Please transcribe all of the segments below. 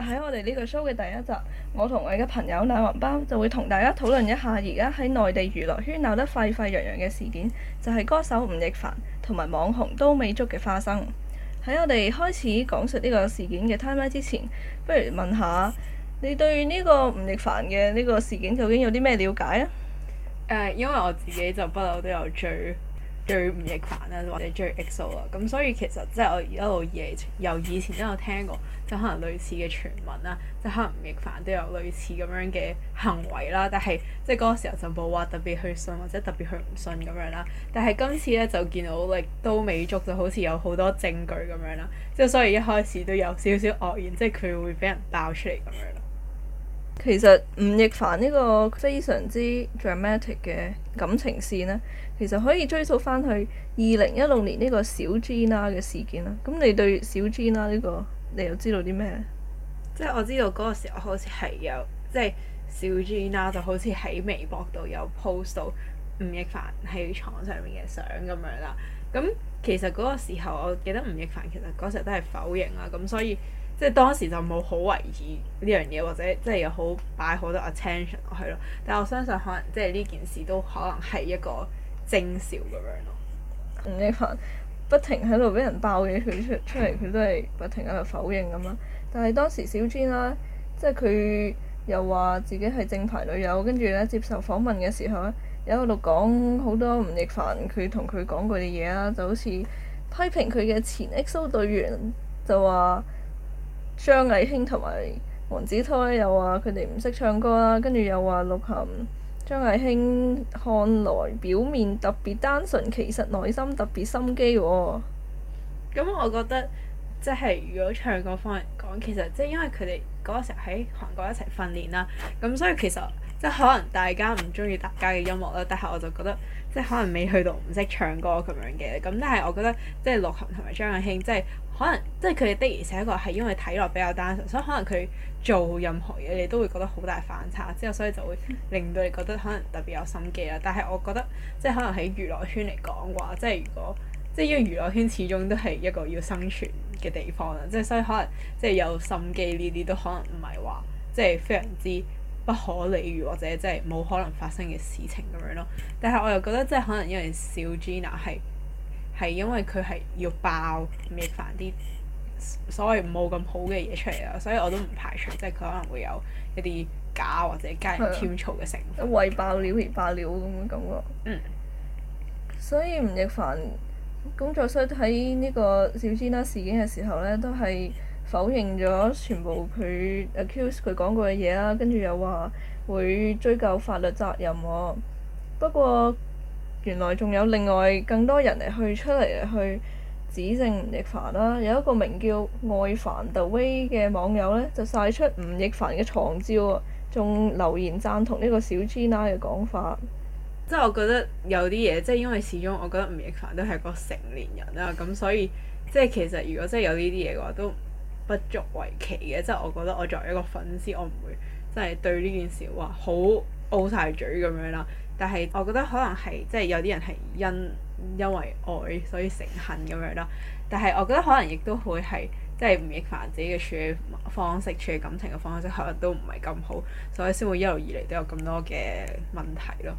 喺我哋呢個 show 嘅第一集，我同我嘅朋友奶黃包就會同大家討論一下而家喺內地娛樂圈鬧得沸沸揚揚嘅事件，就係、是、歌手吳亦凡同埋網紅都美竹嘅花生。喺我哋開始講述呢個事件嘅 timeline 之前，不如問下你對呢個吳亦凡嘅呢個事件究竟有啲咩了解啊？Uh, 因為我自己就不嬲都有追。追吳亦凡啊，或者追 EXO 啊，咁所以其實即係我一路以嚟由以前都有聽過，就可能類似嘅傳聞啦，即係可能吳亦凡都有類似咁樣嘅行為啦，但係即係嗰個時候就冇話特別去信或者特別去唔信咁樣啦。但係今次咧就見到力都美足就好似有好多證據咁樣啦，即係所以一開始都有少少愕然，即係佢會俾人爆出嚟咁樣嘞。其實吳亦凡呢個非常之 dramatic 嘅感情線咧。其實可以追溯翻去二零一六年呢個小 G 娜嘅事件啦。咁你對小 G 娜呢個，你又知道啲咩咧？即係我知道嗰個時候好似係有即係小 G 娜，就好似喺微博度有 post 到吳亦凡喺床上面嘅相咁樣啦。咁其實嗰個時候，我記得吳亦凡其實嗰時候都係否認啦。咁所以即係當時就冇好懷疑呢樣嘢，或者即係有好擺好多 attention 去咯。但係我相信可能即係呢件事都可能係一個。正兆咁樣咯，吳亦凡不停喺度俾人爆嘢，佢出出嚟佢都係不停喺度否認咁啦。但係當時小 G 啦、啊，即係佢又話自己係正牌女友，跟住咧接受訪問嘅時候咧，喺度講好多吳亦凡佢同佢講過嘅嘢啦，就好似批評佢嘅前 EXO 隊員就話張藝興同埋黃子韜咧，又話佢哋唔識唱歌啦，跟住又話鹿晗。張藝興看來表面特別單純，其實內心特別心機喎、哦。咁、嗯、我覺得即係如果唱歌方面講，其實即係因為佢哋嗰個時候喺韓國一齊訓練啦，咁所以其實即係可能大家唔中意大家嘅音樂啦，但係我就覺得即係可能未去到唔識唱歌咁樣嘅，咁但係我覺得即係鹿晗同埋張藝興即係。可能即係佢哋的，而且確係因為睇落比較單純，所以可能佢做任何嘢你都會覺得好大反差，之後所以就會令到你覺得可能特別有心機啦。但係我覺得即係可能喺娛樂圈嚟講嘅話，即係如果即係因為娛樂圈始終都係一個要生存嘅地方啦，即係所以可能即係有心機呢啲都可能唔係話即係非常之不可理喻或者即係冇可能發生嘅事情咁樣咯。但係我又覺得即係可能因為小 Gina 係。係因為佢係要爆吳亦凡啲所謂冇咁好嘅嘢出嚟啊，所以我都唔排除即係佢可能會有一啲假或者加人添醋嘅成分。為爆料而爆料咁嘅感覺。嗯。所以吳亦凡工作室喺呢個小 G 娜事件嘅時候咧，都係否認咗全部佢 accuse 佢講過嘅嘢啦，跟住又話會追究法律責任喎。不過。原來仲有另外更多人嚟去出嚟去指正吳亦凡啦，啊，有一個名叫愛凡杜威嘅網友咧，就晒出吳亦凡嘅床照啊，仲留言贊同呢個小 Gina 嘅講法。即係我覺得有啲嘢，即係因為始終我覺得吳亦凡都係個成年人啦，咁所以即係其實如果真係有呢啲嘢嘅話，都不足為奇嘅。即係我覺得我作為一個粉絲，我唔會即係對呢件事話好嘔晒嘴咁樣啦。但係我覺得可能係即係有啲人係因因為愛所以成恨咁樣啦。但係我覺得可能亦都會係即係吳亦凡自己嘅處理方式、處理感情嘅方式，可能都唔係咁好，所以先會一路以嚟都有咁多嘅問題咯。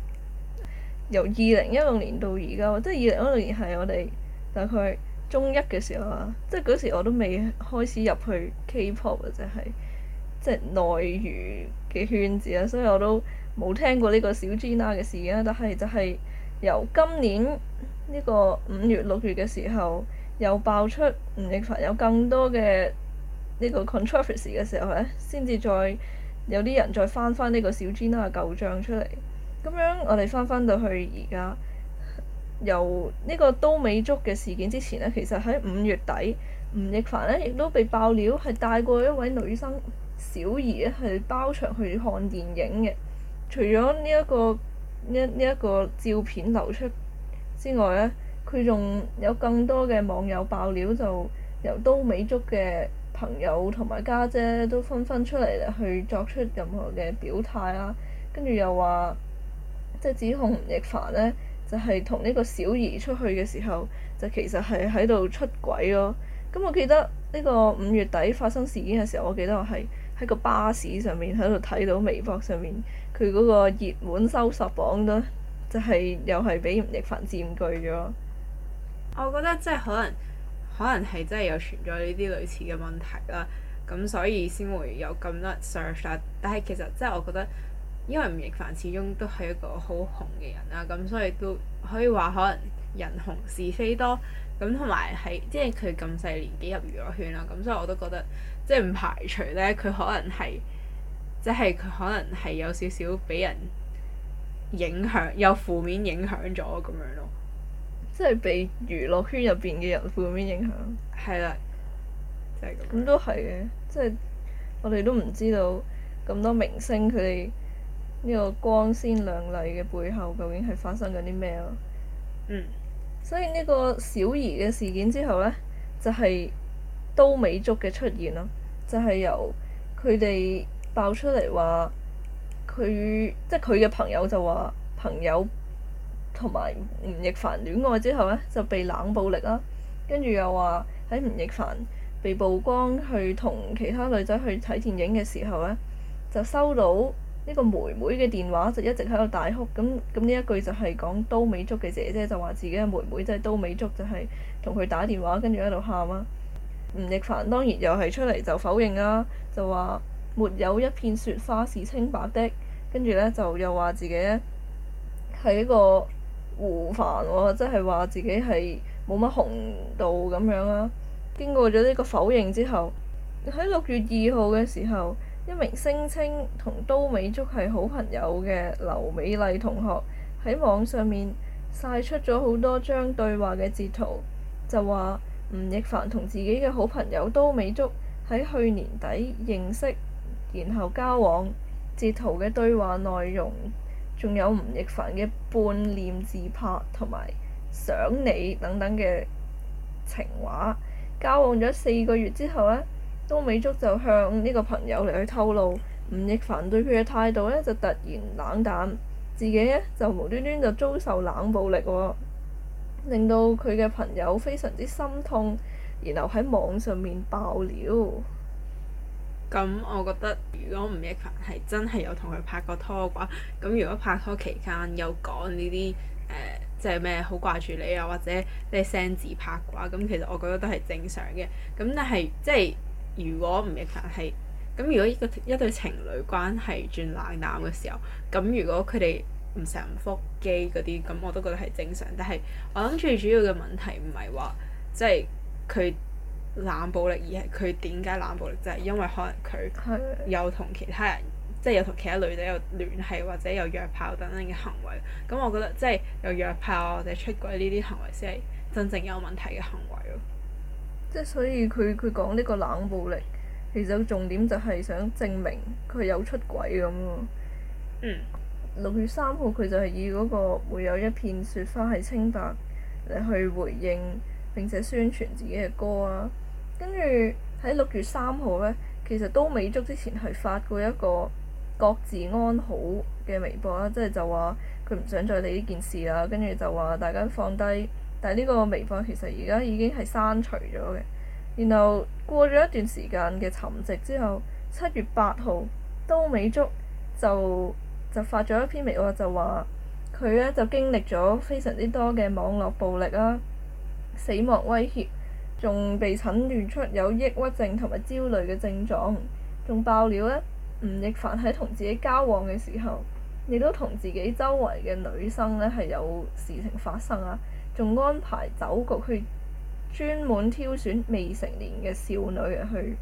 由二零一六年到而家，即係二零一六年係我哋大概中一嘅時候啊，即係嗰時我都未開始入去 K-pop 或者係即係內娛嘅圈子啊，所以我都冇聽過呢個小 Gina 嘅事件啦，但係就係由今年呢個五月六月嘅時候，又爆出吳亦凡有更多嘅呢個 controversy 嘅時候咧，先至再有啲人再翻翻呢個小 Gina 舊帳出嚟。咁樣我哋翻翻到去而家由呢個都美竹嘅事件之前咧，其實喺五月底，吳亦凡咧亦都被爆料係帶過一位女生小儀咧去包場去看電影嘅。除咗呢一個呢呢一個照片流出之外呢，佢仲有更多嘅網友爆料，就由都美竹嘅朋友同埋家姐都紛紛出嚟去作出任何嘅表態啦。跟住又話即係指控吳亦凡呢，就係同呢個小儀出去嘅時候，就其實係喺度出軌咯。咁，嗯，我記得呢個五月底發生事件嘅時候，我記得我係喺個巴士上面喺度睇到微博上面。佢嗰個熱門搜索榜都就係又係俾吳亦凡佔據咗。我覺得即係可能可能係真係有存在呢啲類似嘅問題啦，咁所以先會有咁多人 search 啦。但係其實即係我覺得，因為吳亦凡始終都係一個好紅嘅人啦，咁所以都可以話可能人紅是非多。咁同埋係即係佢咁細年紀入娛樂圈啦，咁所以我都覺得即係唔排除咧，佢可能係。即係佢可能係有少少畀人影響，有負面影響咗咁樣咯。即係畀娛樂圈入邊嘅人負面影響。係啦，就係咁。咁都係嘅，即係我哋都唔知道咁多明星佢哋呢個光鮮亮麗嘅背後，究竟係發生緊啲咩咯？嗯，所以呢個小兒嘅事件之後咧，就係都美竹嘅出現啦，就係由佢哋。爆出嚟，話佢即係佢嘅朋友就話，朋友同埋吳亦凡戀愛之後咧就被冷暴力啦，跟住又話喺吳亦凡被曝光去同其他女仔去睇電影嘅時候呢，就收到呢個妹妹嘅電話，就一直喺度大哭咁。咁呢一句就係講都美竹嘅姐姐就話自己嘅妹妹即係都美竹就係同佢打電話，跟住喺度喊啦，吳亦凡當然又係出嚟就否認啦，就話。沒有一片雪花是清白的，跟住呢，就又話自己係一個胡凡喎，即係話自己係冇乜紅度咁樣啦。經過咗呢個否認之後，喺六月二號嘅時候，一名聲稱同都美竹係好朋友嘅劉美麗同學喺網上面晒出咗好多張對話嘅截圖，就話吳亦凡同自己嘅好朋友都美竹喺去年底認識。然後交往截圖嘅對話內容，仲有吳亦凡嘅半臉自拍同埋想你等等嘅情話。交往咗四個月之後呢，都美竹就向呢個朋友嚟去透露，吳亦凡對佢嘅態度呢，就突然冷淡，自己呢就無端端就遭受冷暴力喎，令到佢嘅朋友非常之心痛，然後喺網上面爆料。咁、嗯、我覺得，如果吳亦凡係真係有同佢拍過拖嘅話，咁如果拍拖期間有講呢啲誒，即係咩好掛住你啊，或者即係 s e 拍嘅話，咁其實我覺得都係正常嘅。咁但係即係如果吳亦凡係，咁如果一個一對情侶關係轉冷淡嘅時候，咁如果佢哋唔成腹肌嗰啲，咁我都覺得係正常。但係我諗最主要嘅問題唔係話即係佢。冷暴力，而係佢點解冷暴力就係、是、因為可能佢有同其他人，的即係有同其他女仔有聯繫，或者有約炮等等嘅行為。咁我覺得即係有約炮或者出軌呢啲行為先係真正有問題嘅行為咯。即係所以佢佢講呢個冷暴力，其實重點就係想證明佢有出軌咁咯。六、嗯、月三號佢就係以嗰個會有一片雪花係清白嚟去回應並且宣傳自己嘅歌啊。跟住喺六月三號呢，其實都美竹之前係發過一個各自安好嘅微博啦，即係就話佢唔想再理呢件事啦，跟住就話大家放低。但係呢個微博其實而家已經係刪除咗嘅。然後過咗一段時間嘅沉寂之後，七月八號，都美竹就就發咗一篇微博，就話佢呢就經歷咗非常之多嘅網絡暴力啦，死亡威脅。仲被診斷出有抑鬱症同埋焦慮嘅症狀，仲爆料咧，吳亦凡喺同自己交往嘅時候，亦都同自己周圍嘅女生咧係有事情發生啊。仲安排酒局去專門挑選未成年嘅少女去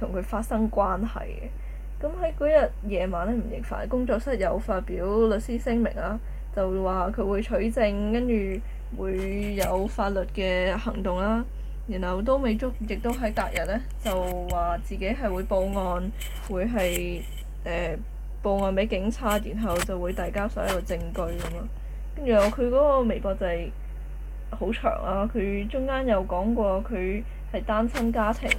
同佢發生關係嘅。咁喺嗰日夜晚咧，吳亦凡嘅工作室有發表律師聲明啦，就話佢會取證，跟住會有法律嘅行動啦。然後都未足，亦都喺隔日咧就話自己係會報案，會係誒、呃、報案俾警察，然後就會遞交所有證據咁咯。跟住佢嗰個微博就係好長啊，佢中間有講過佢係單親家庭，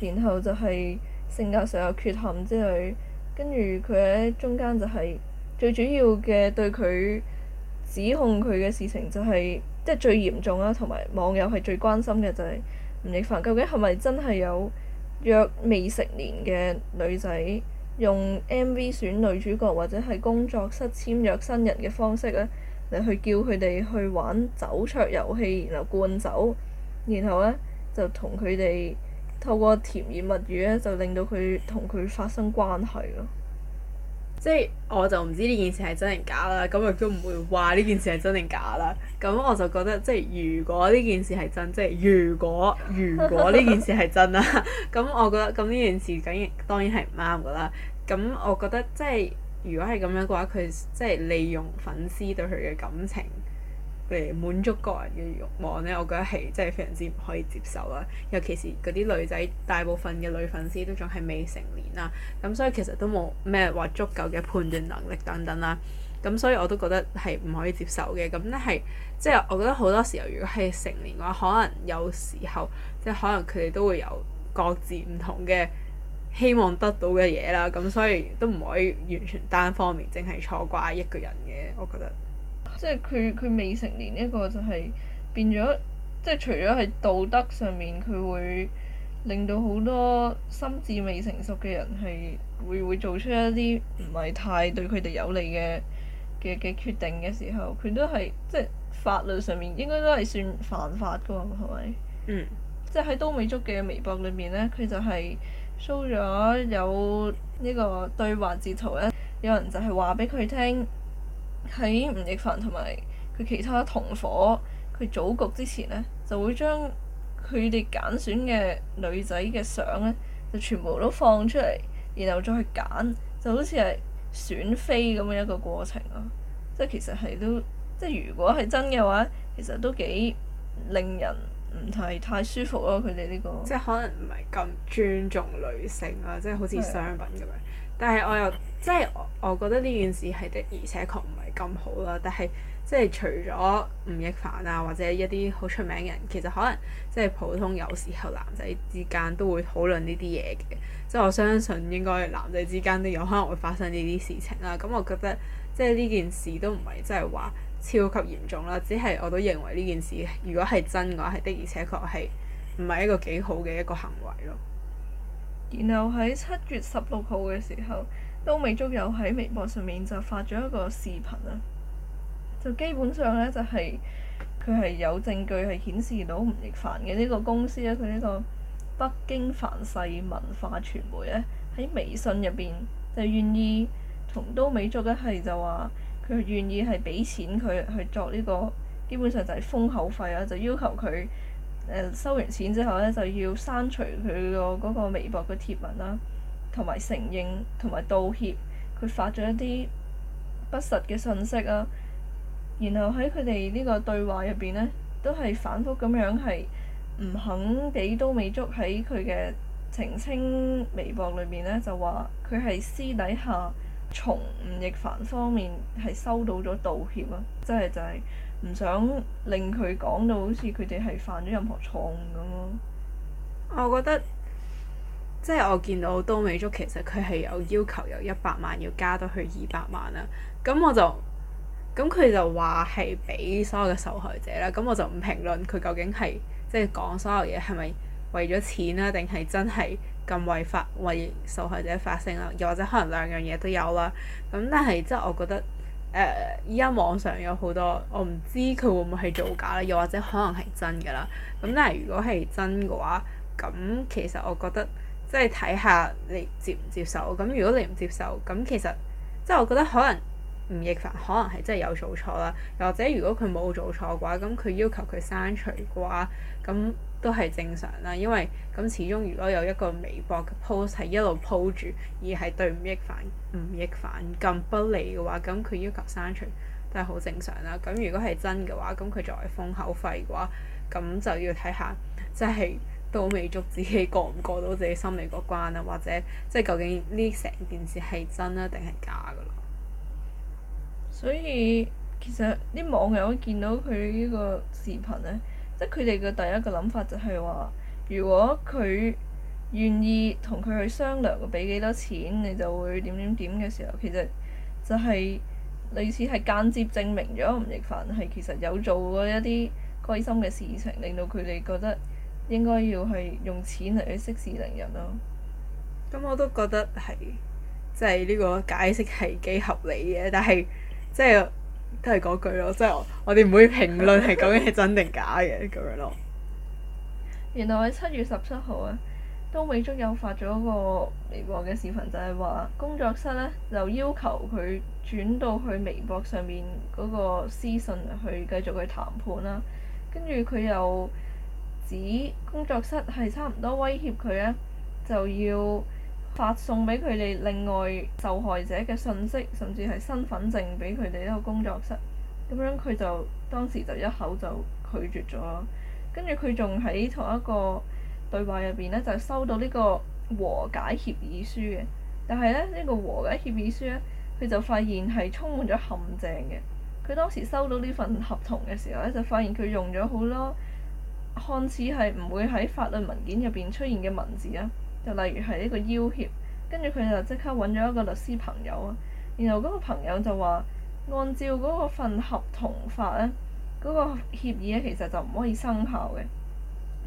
然後就係性格上有缺陷之類。跟住佢喺中間就係最主要嘅對佢指控佢嘅事情就係、是。即係最嚴重啦，同埋網友係最關心嘅就係、是、吳亦凡究竟係咪真係有約未成年嘅女仔用 MV 選女主角或者係工作室簽約新人嘅方式咧嚟去叫佢哋去玩酒桌遊戲，然後灌酒，然後咧就同佢哋透過甜言蜜語咧就令到佢同佢發生關係咯。即係我就唔知呢件事係真定假啦，咁亦都唔會話呢件事係真定假啦。咁我就覺得即係如果呢件事係真，即係如果如果呢件事係真啦，咁我覺得咁呢件事梗當然係唔啱㗎啦。咁我覺得即係如果係咁樣嘅話，佢即係利用粉絲對佢嘅感情。嚟滿足個人嘅欲望咧，我覺得係真係非常之唔可以接受啦。尤其是嗰啲女仔，大部分嘅女粉絲都仲係未成年啦，咁所以其實都冇咩話足夠嘅判斷能力等等啦。咁所以我都覺得係唔可以接受嘅。咁咧係即係我覺得好多時候，如果係成年嘅話，可能有時候即係，就是，可能佢哋都會有各自唔同嘅希望得到嘅嘢啦。咁所以都唔可以完全單方面淨係錯怪一個人嘅，我覺得。即係佢佢未成年呢個就係變咗，即係除咗喺道德上面，佢會令到好多心智未成熟嘅人係會會做出一啲唔係太對佢哋有利嘅嘅嘅決定嘅時候，佢都係即係法律上面應該都係算犯法㗎喎，係咪？嗯。即係喺都美竹嘅微博裏面咧，佢就係 show 咗有呢個對話截圖咧，有人就係話俾佢聽。喺吳亦凡同埋佢其他同伙，佢組局之前呢，就會將佢哋揀選嘅女仔嘅相呢，就全部都放出嚟，然後再去揀，就好似係選妃咁嘅一個過程咯。即係其實係都，即係如果係真嘅話，其實都幾令人唔係太舒服咯。佢哋呢個即係可能唔係咁尊重女性啊，即係好似商品咁樣。但係我又即係我，我覺得呢件事係的，而且確唔係咁好啦。但係即係除咗吳亦凡啊，或者一啲好出名嘅人，其實可能即係普通有時候男仔之間都會討論呢啲嘢嘅。即係我相信應該男仔之間都有可能會發生呢啲事情啦。咁我覺得即係呢件事都唔係即係話超級嚴重啦，只係我都認為呢件事如果係真嘅話係的，而且確係唔係一個幾好嘅一個行為咯。然後喺七月十六號嘅時候，都美竹又喺微博上面就發咗一個視頻啦，就基本上咧就係佢係有證據係顯示到吳亦凡嘅呢個公司咧，佢呢個北京凡世文化傳媒咧喺微信入邊就願意同都美竹一係就話佢願意係俾錢佢去作呢、這個基本上就係封口費啊，就要求佢。誒收完錢之後咧，就要刪除佢個嗰個微博嘅貼文啦，同埋承認同埋道歉。佢發咗一啲不實嘅信息啊，然後喺佢哋呢個對話入邊咧，都係反覆咁樣係唔肯俾都美竹喺佢嘅澄清微博裏面咧，就話佢係私底下從吳亦凡方面係收到咗道歉啊，即係就係。唔想令佢講到好似佢哋係犯咗任何錯誤咁咯。我覺得即係、就是、我見到都美竹，其實佢係有要求有一百萬要加到去二百萬啦。咁我就咁佢就話係俾所有嘅受害者啦。咁我就唔評論佢究竟係即係講所有嘢係咪為咗錢啦，定係真係咁為法，為受害者發聲啦？又或者可能兩樣嘢都有啦。咁但係即係我覺得。誒依家網上有好多，我唔知佢會唔會係造假啦，又或者可能係真㗎喇。咁但係如果係真嘅話，咁其實我覺得即係睇下你接唔接受。咁如果你唔接受，咁其實即係我覺得可能吳亦凡可能係真係有做錯啦，又或者如果佢冇做錯嘅話，咁佢要求佢刪除嘅話，咁。都係正常啦，因為咁始終如果有一個微博嘅 post 係一路 po 住，而係對吳亦凡吳亦凡咁不利嘅話，咁佢要求刪除都係好正常啦。咁如果係真嘅話，咁佢作為封口費嘅話，咁就要睇下，即係到未足自己過唔過到自己心理嗰關啊，或者即係究竟呢成件事係真啊定係假㗎啦。所以其實啲網友見到佢呢個視頻咧。佢哋嘅第一個諗法就係話，如果佢願意同佢去商量，佢俾幾多錢，你就會點點點嘅時候，其實就係類似係間接證明咗吳亦凡係其實有做過一啲虧心嘅事情，令到佢哋覺得應該要去用錢嚟去息事寧人咯。咁、嗯、我都覺得係，即係呢個解釋係幾合理嘅，但係即係。都係嗰句咯，即係我哋唔會評論係究竟係真定假嘅咁 樣咯。原來喺七月十七號啊，都美竹又發咗個微博嘅視頻，就係、是、話工作室咧就要求佢轉到去微博上面嗰個私信去繼續去談判啦。跟住佢又指工作室係差唔多威脅佢咧，就要。發送俾佢哋另外受害者嘅信息，甚至係身份證俾佢哋一個工作室，咁樣佢就當時就一口就拒絕咗。跟住佢仲喺同一個對話入邊咧，就收到呢個和解協議書嘅。但係咧呢個和解協議書咧，佢就發現係充滿咗陷阱嘅。佢當時收到呢份合同嘅時候咧，就發現佢用咗好多看似係唔會喺法律文件入邊出現嘅文字啊。就例如係呢個要挾，跟住佢就即刻揾咗一個律師朋友啊。然後嗰個朋友就話，按照嗰份合同法咧，嗰個協議咧其實就唔可以生效嘅。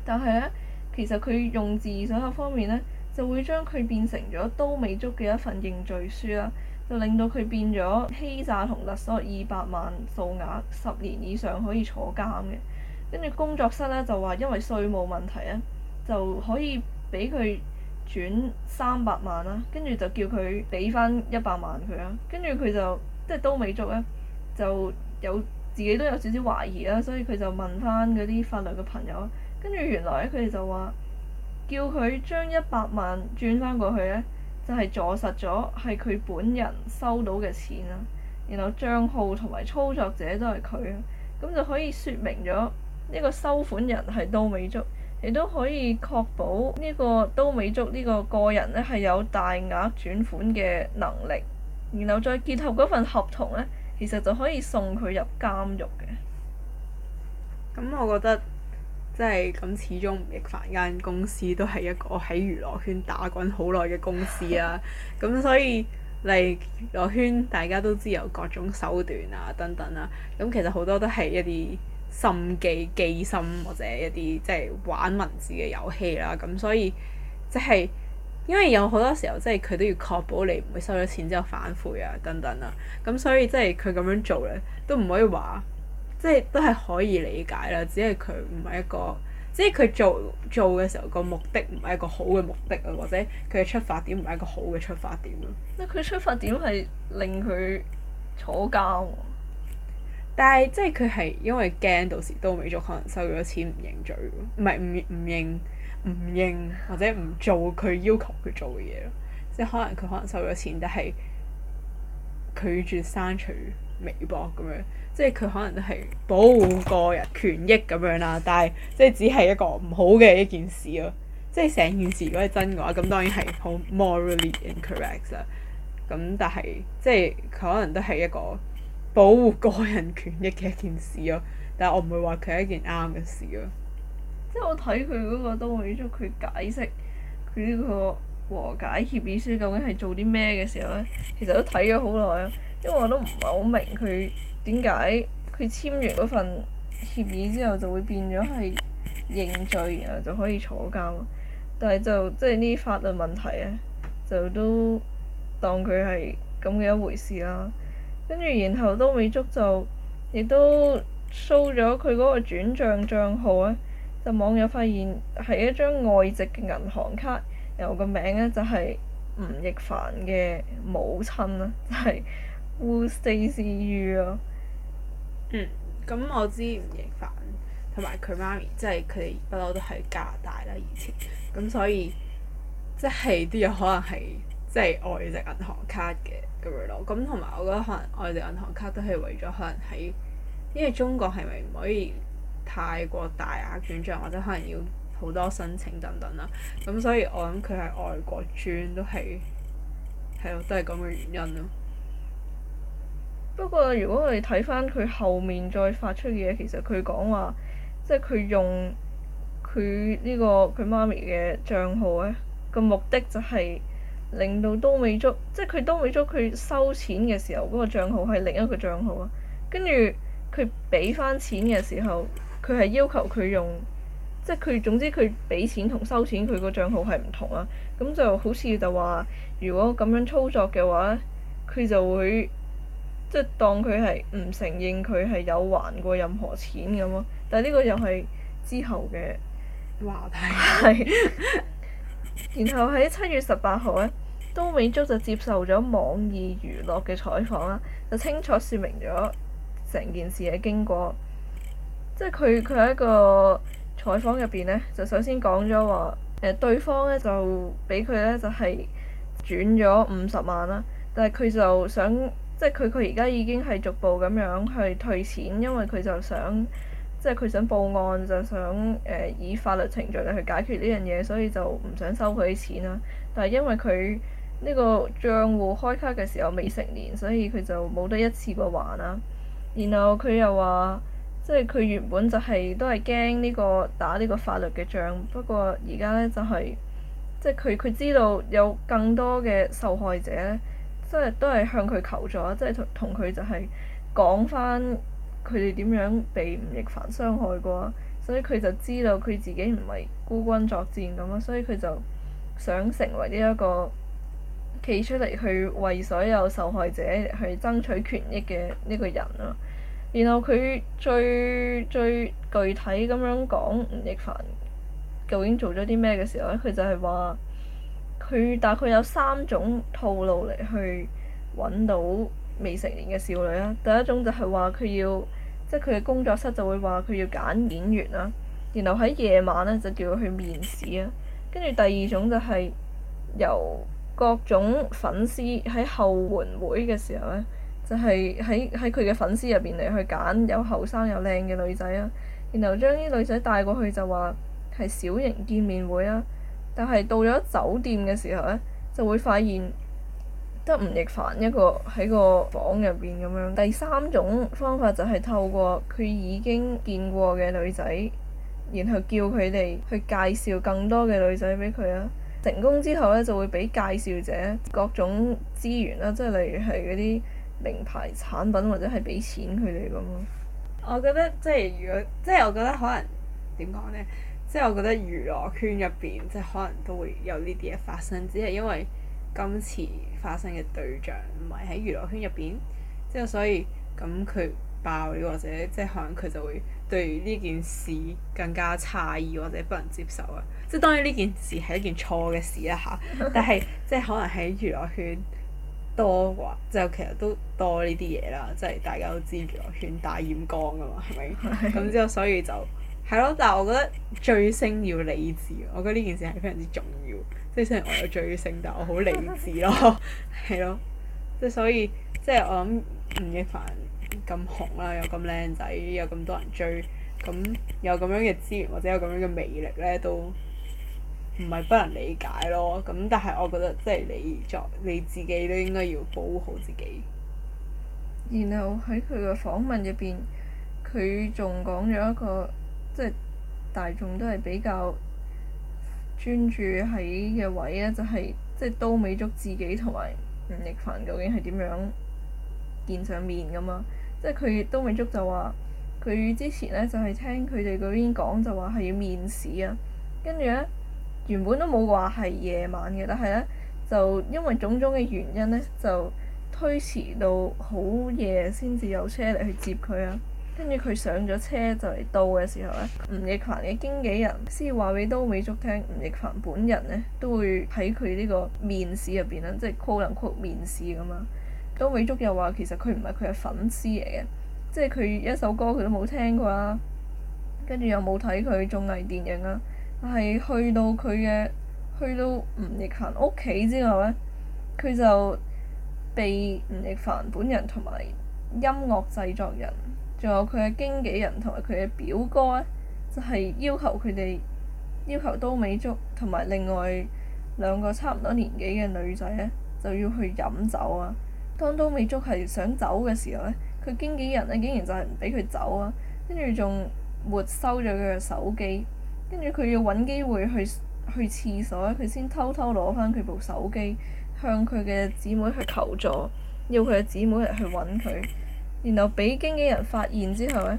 但係咧，其實佢用字所有方面咧，就會將佢變成咗都未足嘅一份認罪書啦，就令到佢變咗欺詐同勒索二百萬數額，十年以上可以坐監嘅。跟住工作室咧就話，因為稅務問題咧，就可以俾佢。轉三百萬啦，跟住就叫佢俾翻一百萬佢啦，跟住佢就即係都美足咧，就有自己都有少少懷疑啦，所以佢就問翻嗰啲法律嘅朋友，跟住原來咧佢哋就話叫佢將一百萬轉翻過去呢，就係、是、坐實咗係佢本人收到嘅錢啦，然後帳號同埋操作者都係佢，咁就可以説明咗呢個收款人係都美足。你都可以確保呢個都美竹呢個個人咧係有大額轉款嘅能力，然後再結合嗰份合同呢，其實就可以送佢入監獄嘅。咁、嗯、我覺得，即係咁始終吳亦凡間公司都係一個喺娛樂圈打滾好耐嘅公司啊。咁、 嗯、所以例如娛樂圈大家都知有各種手段啊等等啊，咁、嗯、其實好多都係一啲。心機、機心或者一啲即係玩文字嘅遊戲啦，咁所以即係因為有好多時候即係佢都要確保你唔會收咗錢之後反悔啊等等啦、啊，咁所以即係佢咁樣做咧都唔可以話即係都係可以理解啦，只係佢唔係一個即係佢做做嘅時候個目的唔係一個好嘅目的啊，或者佢嘅出發點唔係一個好嘅出發點咯、啊。佢出發點係令佢坐監。但係即係佢係因為驚到時都未做，可能收咗錢唔認罪，唔係唔唔認唔認或者唔做佢要求佢做嘅嘢咯，即係可能佢可能收咗錢，但係拒絕刪除微博咁樣，即係佢可能都係保護個人權益咁樣啦。但係即係只係一個唔好嘅一件事咯。即係成件事如果係真嘅話，咁當然係好 morally incorrect 啦。咁但係即係佢可能都係一個。保護個人權益嘅一件事咯，但係我唔會話佢係一件啱嘅事咯。即係我睇佢嗰個都會將佢解釋佢呢個和解協議書究竟係做啲咩嘅時候咧，其實都睇咗好耐啊。因為我都唔係好明佢點解佢簽完嗰份協議之後就會變咗係認罪，然後就可以坐監。但係就即係呢啲法律問題咧，就都當佢係咁嘅一回事啦。跟住，然後都美竹就亦都 show 咗佢嗰個轉賬帳號咧，就網友發現係一張外籍嘅銀行卡，有後個名咧就係吳亦凡嘅母親啦，就係 w o o l s y Yu 咯。嗯，咁我知吳亦凡同埋佢媽咪，即係佢哋不嬲都喺加拿大啦，以前咁，所以即係啲嘢可能係即係外籍銀行卡嘅。咁同埋我覺得可能外地銀行卡都係為咗可能喺，因為中國係咪唔可以太過大額轉帳或者可能要好多申請等等啦，咁所以我諗佢係外國轉都係，係咯，都係咁嘅原因咯。不過如果我哋睇返佢後面再發出嘅嘢，其實佢講話，即係佢用佢、呢個、呢個佢媽咪嘅賬號咧，個目的就係、係。令到都未足，即係佢都未足佢收錢嘅時候嗰，那個賬號係另一個賬號啊，跟住佢俾翻錢嘅時候，佢係要求佢用，即係佢總之佢俾錢同收錢佢個賬號係唔同啊，咁就好似就話，如果咁樣操作嘅話，佢就會即係、就是、當佢係唔承認佢係有還過任何錢咁咯。但係呢個又係之後嘅話題。 然後喺七月十八號咧，都美竹就接受咗網易娛樂嘅採訪啦，就清楚説明咗成件事嘅經過。即係佢佢喺一個採訪入邊咧，就首先講咗話，誒、呃、對方咧就俾佢咧就係轉咗五十萬啦，但係佢就想，即係佢佢而家已經係逐步咁樣去退錢，因為佢就想。即係佢想報案，就想誒、呃、以法律程序嚟去解決呢樣嘢，所以就唔想收佢啲錢啦。但係因為佢呢個賬戶開卡嘅時候未成年，所以佢就冇得一次過還啦。然後佢又話，即係佢原本就係都係驚呢個打呢個法律嘅仗。不過而家呢就係、是，即係佢佢知道有更多嘅受害者呢，即係都係向佢求助，即係同同佢就係講返。佢哋點樣被吳亦凡傷害過，所以佢就知道佢自己唔係孤軍作戰咁啊，所以佢就想成為呢一個企出嚟去為所有受害者去爭取權益嘅呢個人啦。然後佢最最具體咁樣講吳亦凡究竟做咗啲咩嘅時候咧，佢就係話佢大概有三種套路嚟去揾到未成年嘅少女啊。第一種就係話佢要即係佢嘅工作室就會話佢要揀演員啦，然後喺夜晚咧就叫佢去面試啊。跟住第二種就係由各種粉絲喺後援會嘅時候咧，就係喺喺佢嘅粉絲入邊嚟去揀有後生又靚嘅女仔啊。然後將啲女仔帶過去就話係小型見面會啊。但係到咗酒店嘅時候咧，就會發現。即係吳亦凡一個喺個房入邊咁樣，第三種方法就係透過佢已經見過嘅女仔，然後叫佢哋去介紹更多嘅女仔俾佢啊。成功之後咧，就會俾介紹者各種資源啦，即係例如係嗰啲名牌產品或者係俾錢佢哋咁咯。我覺得即係如果即係我覺得可能點講呢？即係我覺得娛樂圈入邊即係可能都會有呢啲嘢發生，只係因為。今次發生嘅對象唔係喺娛樂圈入邊，之後所以咁佢爆料，或者即係可能佢就會對呢件事更加詫異或者不能接受啊！即係當然呢件事係一件錯嘅事啊嚇，但係即係可能喺娛樂圈多啩，就其實都多呢啲嘢啦，即係大家都知娛樂圈大染缸啊嘛，係咪 吧？咁、嗯、之後所以就。係咯，但係我覺得追星要理智，我覺得呢件事係非常之重要。即雖然我有追星，但係我好理智咯。係咯， 即所以即我諗吳亦凡咁紅啦，有咁靚仔，有咁多人追，咁有咁樣嘅資源或者有咁樣嘅魅力咧，都唔係不能理解咯。咁但係我覺得即你作你自己都應該要保護好自己。然後喺佢嘅訪問入邊，佢仲講咗一個。即係大眾都係比較專注喺嘅位咧、就是，就係即係都美竹自己同埋吳亦凡究竟係點樣見上面咁啊？即係佢都美竹就話佢之前咧就係、是、聽佢哋嗰邊講就話係要面試啊，跟住咧原本都冇話係夜晚嘅，但係咧就因為種種嘅原因咧就推遲到好夜先至有車嚟去接佢啊。跟住佢上咗車就嚟到嘅時候咧，吳亦凡嘅經紀人先話俾都美竹聽，吳亦凡本人咧都會喺佢呢個面試入邊啦，即係 quote unquote 面試咁啊。都美竹又話其實佢唔係佢嘅粉絲嚟嘅，即係佢一首歌佢都冇聽過啦，跟住又冇睇佢綜藝電影啊。但係去到佢嘅去到吳亦凡屋企之後咧，佢就被吳亦凡本人同埋音樂製作人。仲有佢嘅經紀人同埋佢嘅表哥咧，就係、是、要求佢哋要求都美竹同埋另外兩個差唔多年紀嘅女仔咧，就要去飲酒啊。當都美竹係想走嘅時候咧，佢經紀人咧竟然就係唔俾佢走啊，跟住仲沒收咗佢嘅手機。跟住佢要揾機會去去廁所，佢先偷偷攞返佢部手機，向佢嘅姊妹去求助，要佢嘅姊妹嚟去揾佢。然後畀經紀人發現之後咧，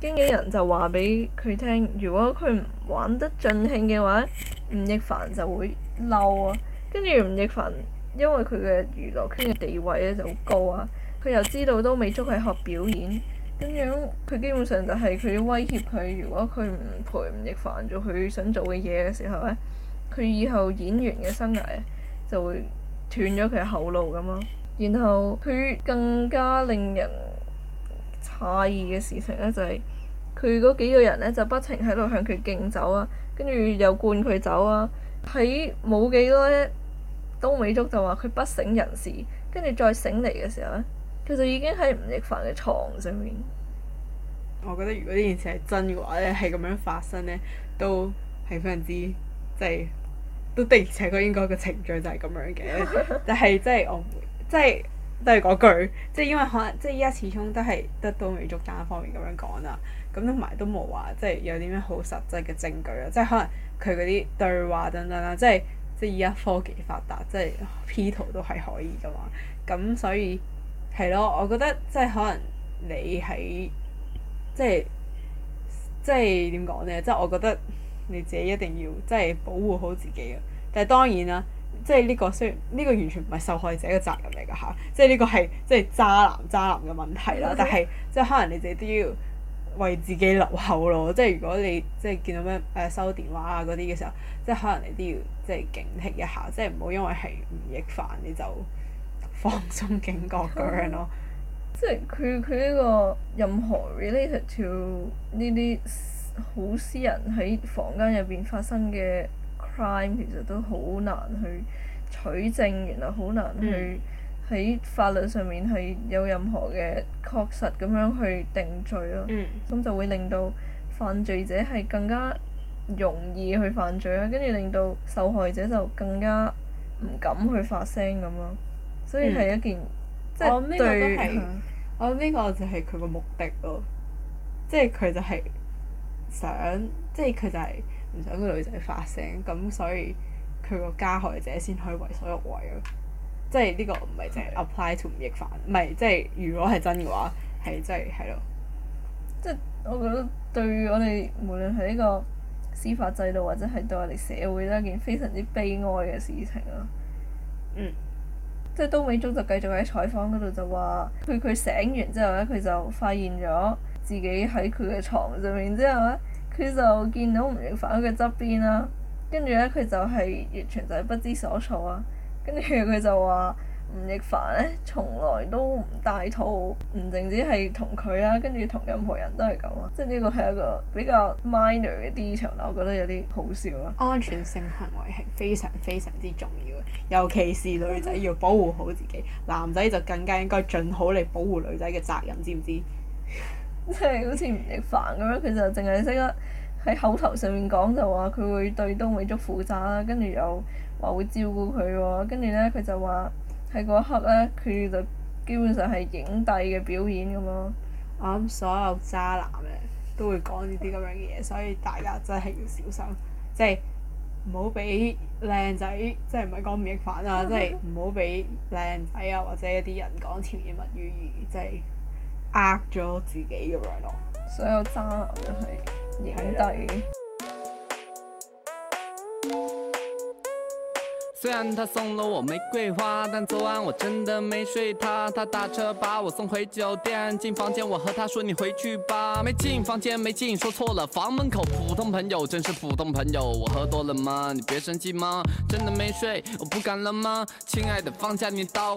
經紀人就話畀佢聽，如果佢唔玩得盡興嘅話，吳亦凡就會嬲啊。跟住吳亦凡因為佢嘅娛樂圈嘅地位咧就好高啊，佢又知道都美竹係學表演，咁樣佢基本上就係佢威脅佢，如果佢唔陪吳亦凡做佢想做嘅嘢嘅時候咧，佢以後演員嘅生涯就會斷咗佢後路咁咯。然後佢更加令人詫異嘅事情咧，就係佢嗰幾個人咧，就不停喺度向佢敬酒啊，跟住又灌佢酒啊。喺冇幾多咧，都美竹就話佢不省人事，跟住再醒嚟嘅時候咧，佢就已經喺吳亦凡嘅床上面。我覺得如果呢件事係真嘅話咧，係咁樣發生咧，都係非常之，即係都的，而且確應該個程序就係咁樣嘅，但係即係我。即係都係嗰句，即係因為可能即係依家始終都係得到美足單方面咁樣講啦，咁同埋都冇話即係有啲咩好實際嘅證據啊！即係可能佢嗰啲對話等等啦，即係即係依家科技發達，即係 P 圖都係可以㗎嘛，咁所以係咯，我覺得即係可能你喺即係即係點講咧？即係我覺得你自己一定要即係保護好自己啊！但係當然啦。即係呢個雖然呢、這個完全唔係受害者嘅責任嚟㗎嚇，即係呢個係即係渣男渣男嘅問題啦。 但係即係可能你自己都要為自己留後咯。即係如果你即係見到咩誒、呃、收電話啊嗰啲嘅時候，即係可能你都要即係警惕一下，即係唔好因為係吳亦凡你就放鬆警覺咁樣咯。 You know? 即係佢佢呢個任何 related to 呢啲好私人喺房間入邊發生嘅。crime 其實都好難去取證，然後好難去喺、嗯、法律上面係有任何嘅確實咁樣去定罪咯。咁、嗯、就會令到犯罪者係更加容易去犯罪啦，跟住令到受害者就更加唔敢去發聲咁咯。嗯、所以係一件即係對。是我諗呢個,他個就係佢個目的咯，即係佢就係、是、想，即係佢就係、是。唔想個女仔發聲，咁所以佢個加害者先可以為所欲為咯。即係呢個唔係淨係 apply to 吳亦凡，唔係的即係如果係真嘅話，係真係係咯。即係我覺得對我哋無論係呢個司法制度或者係對我哋社會都係一件非常之悲哀嘅事情咯。嗯。即係都美竹就繼續喺採訪嗰度就話，佢佢醒完之後咧，佢就發現咗自己喺佢嘅床上面之後咧。佢就見到吳亦凡喺佢側邊啦，跟住咧佢就係完全就係不知所措啊！跟住佢就話吳亦凡咧從來都唔帶套，唔淨止係同佢啦，跟住同任何人都係咁啊！即係呢個係一個比較 minor 嘅 detail 啦，我覺得有啲好笑啊！安全性行為係非常非常之重要嘅， 尤其是女仔要保護好自己，男仔就更加應該盡好嚟保護女仔嘅責任，知唔知？ 即係好似吳亦凡咁樣，佢就淨係識得喺口頭上面講就話佢會對都美竹負責啦，跟住又話會照顧佢喎，跟住咧佢就話喺嗰刻咧，佢就基本上係影帝嘅表演咁咯。啱，所有渣男咧都會講呢啲咁樣嘅嘢， 所以大家真係要小心，即係唔好俾靚仔，即係唔係講吳亦凡啊，即係唔好俾靚仔啊或者一啲人講甜言蜜語即係，就是呃咗自己咁樣咯，有所有渣男都係影帝。雖然他送了我玫瑰花，但昨晚我真的沒睡他，他打車把我送回酒店，進房間，我和他說你回去吧，沒進房間，沒進，說錯了，房門口，普通朋友，真是普通朋友。我喝多了嗎？你別生氣嗎？真的沒睡，我不敢了嗎？親愛的，放下你刀。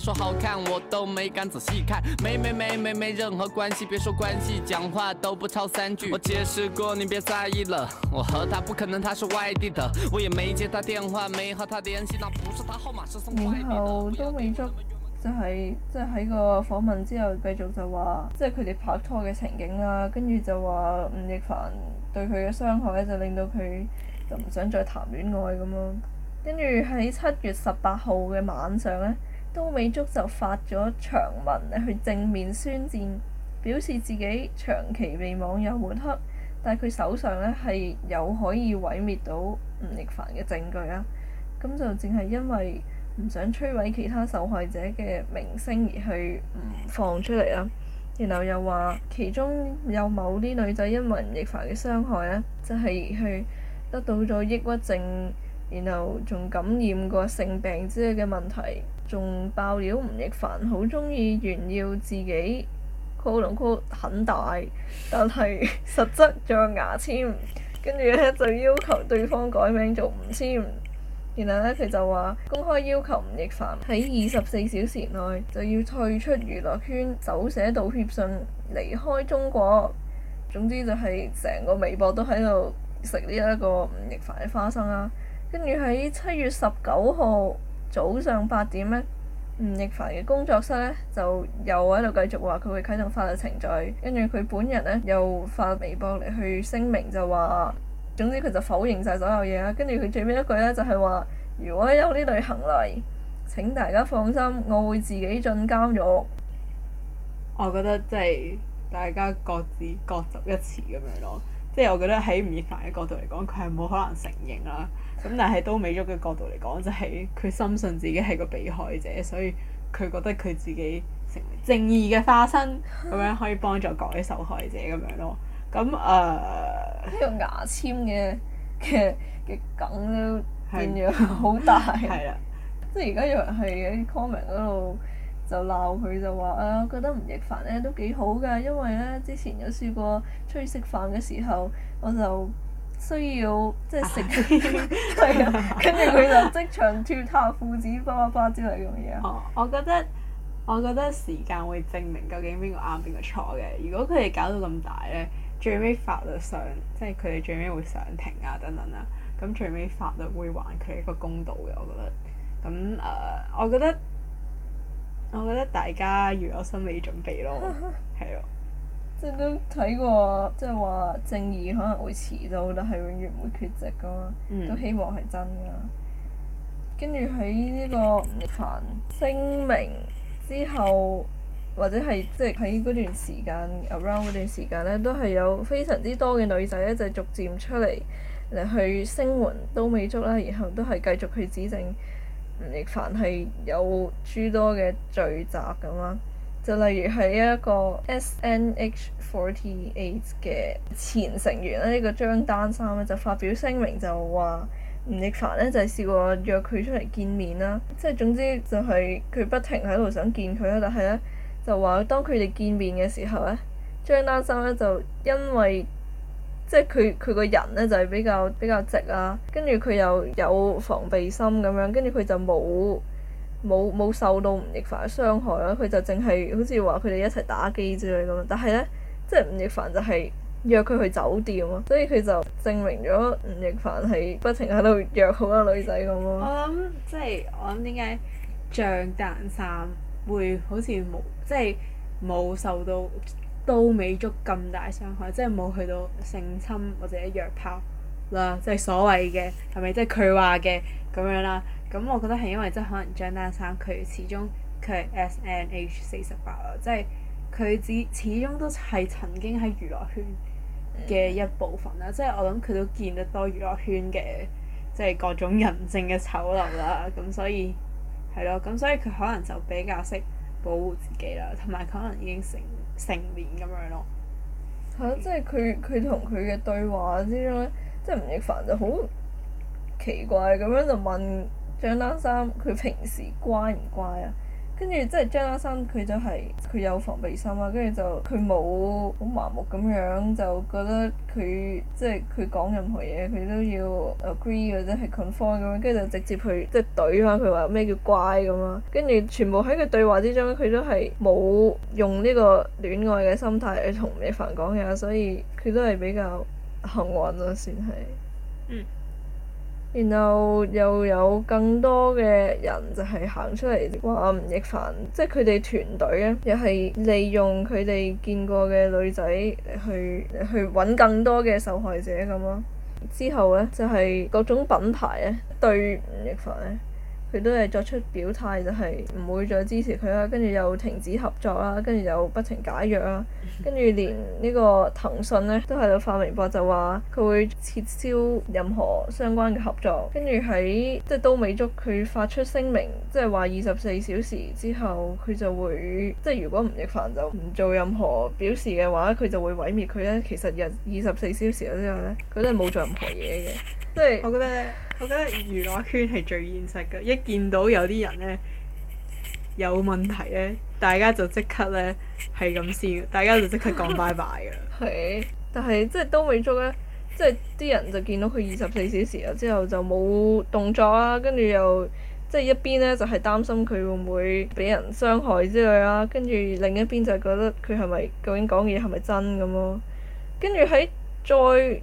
說好看，我都沒敢仔細看，沒沒沒沒沒任何關係，別說關係，講話都不超三句。我解釋過，你別在意了，我和他不可能，他是外地的，我也沒接他電話，沒和他聯繫，那不是他號碼，是送快遞的。然後周敏卓就喺即喺個訪問之後，繼續就話，即係佢哋拍拖嘅情景啊，跟住就話，吳亦凡對佢嘅傷害咧，就令到佢就唔想再談戀愛咁咯。跟住喺七月十八號嘅晚上咧。都美竹就發咗長文去正面宣戰，表示自己長期被網友抹黑，但係佢手上咧係有可以毀滅到吳亦凡嘅證據啊，咁就淨係因為唔想摧毀其他受害者嘅名聲而去唔放出嚟啊，然後又話其中有某啲女仔因為吳亦凡嘅傷害咧，就係去得到咗抑鬱症。然後仲感染過性病之類嘅問題，仲爆料吳亦凡好鍾意炫耀自己箍龍箍很大，但係實質像牙籤，跟住咧就要求對方改名做吳籤。然後咧佢就話公開要求吳亦凡喺二十四小時內就要退出娛樂圈，手寫道歉信離開中國。總之就係成個微博都喺度食呢一個吳亦凡嘅花生啦、啊、～跟住喺七月十九號早上八點咧，吳亦凡嘅工作室咧就又喺度繼續話佢會啟動法律程序。跟住佢本人咧又發微博嚟去聲明就，就話總之佢就否認晒所有嘢啦。跟住佢最尾一句咧就係話：如果有呢類行為，請大家放心，我會自己進監獄。我覺得即係大家各自各執一詞咁樣咯。即係我覺得喺吳亦凡嘅角度嚟講，佢係冇可能承認啦。咁但係都美咗嘅角度嚟講，就係、是、佢深信自己係個被害者，所以佢覺得佢自己成為正義嘅化身，咁樣可以幫助嗰啲受害者咁樣咯。咁誒，呢、呃、個牙籤嘅嘅嘅梗都變咗好大，係啦 的。即係而家有人係喺 comment 嗰度就鬧佢，就話啊，我覺得吳亦凡咧都幾好㗎，因為咧之前有試過出去食飯嘅時候，我就。需要即係食，係啊！跟住佢就即場脫下褲子花花之類咁嘅嘢。我覺得，我覺得時間會證明究竟邊個啱邊個錯嘅。如果佢哋搞到咁大咧，最尾法律上即係佢哋最尾會上庭啊等等啦。咁最尾法律會還佢一個公道嘅，我覺得。咁誒、呃，我覺得，我覺得大家要有心理準備咯，係 咯。即係都睇過，即係話正義可能會遲到，但係永遠唔會缺席㗎嘛。嗯、都希望係真㗎。跟住喺呢個吳亦凡聲明之後，或者係即係喺嗰段時間 around 嗰段時間咧，都係有非常之多嘅女仔咧，就係、逐漸出嚟嚟去聲援都美竹啦，然後都係繼續去指證吳亦凡係有諸多嘅罪責咁啊！就例如係一個 S.N.H. Forty Eight 嘅前成員啦，呢、呢個張丹三咧就發表聲明就話吳亦凡咧就係、試過約佢出嚟見面啦，即係總之就係佢不停喺度想見佢啦，但係咧就話當佢哋見面嘅時候咧，張丹三咧就因為即係佢佢個人咧就係、係、比較比較直啊，跟住佢又有防備心咁樣，跟住佢就冇。冇冇受到吳亦凡嘅傷害啦，佢就淨係好似話佢哋一齊打機之類咁咯。但係呢，即係吳亦凡就係約佢去酒店啊，所以佢就證明咗吳亦凡係不停喺度約好多女仔咁咯。我諗即係我諗點解像，誕三會好似冇即係冇受到都美竹咁大傷害，即係冇去到性侵或者約炮啦，即係所謂嘅係咪？即係佢話嘅咁樣啦。咁、嗯、我覺得係因為即係可能張丹三佢始終佢係 S N H 四十八啦，即係佢始始終都係曾經喺娛樂圈嘅一部分啦。嗯、即係我諗佢都見得多娛樂圈嘅即係各種人性嘅醜陋啦。咁、嗯、所以係咯，咁所以佢可能就比較識保護自己啦，同埋可能已經成成年咁樣咯。係咯、嗯，以即係佢佢同佢嘅對話之中咧，即係吳亦凡就好奇怪咁樣就問。張丹三佢平時乖唔乖啊？跟住即係張丹三佢就係、是、佢有防備心啊，跟住就佢冇好麻木咁樣就覺得佢即係佢講任何嘢佢都要 agree 或者係 confirm 咁，跟住就直接去即係懟翻佢話咩叫乖咁啊！跟住全部喺佢對話之中，佢都係冇用呢個戀愛嘅心態去同葉凡講嘢，所以佢都係比較幸運咯，先係。嗯。然後又有更多嘅人就係行出嚟話吳亦凡，即係佢哋團隊咧，又係利用佢哋見過嘅女仔嚟去去搵更多嘅受害者咁咯。之後呢，就係各種品牌咧對吳亦凡呢。佢都係作出表態，就係唔會再支持佢啦，跟住又停止合作啦，跟住又不停解約啦，跟住連呢個騰訊呢，都喺度發微博就話佢會撤銷任何相關嘅合作，跟住喺即係都美竹佢發出聲明，即係話二十四小時之後佢就會即係如果吳亦凡就唔做任何表示嘅話，佢就會毀滅佢咧。其實日二十四小時之後呢，佢都係冇做任何嘢嘅。即係對我覺得我覺得娛樂圈係最現實嘅。一見到有啲人呢，有問題呢，大家就即刻呢係咁先，大家就即刻講拜拜㗎。係，但係即係都未足呢，即係啲人就見到佢二十四小時啊，之後就冇動作啦。跟住又即係一邊呢，就係、是、擔心佢會唔會俾人傷害之類啦。跟住另一邊就係覺得佢係咪究竟講嘢係咪真咁咯？跟住喺再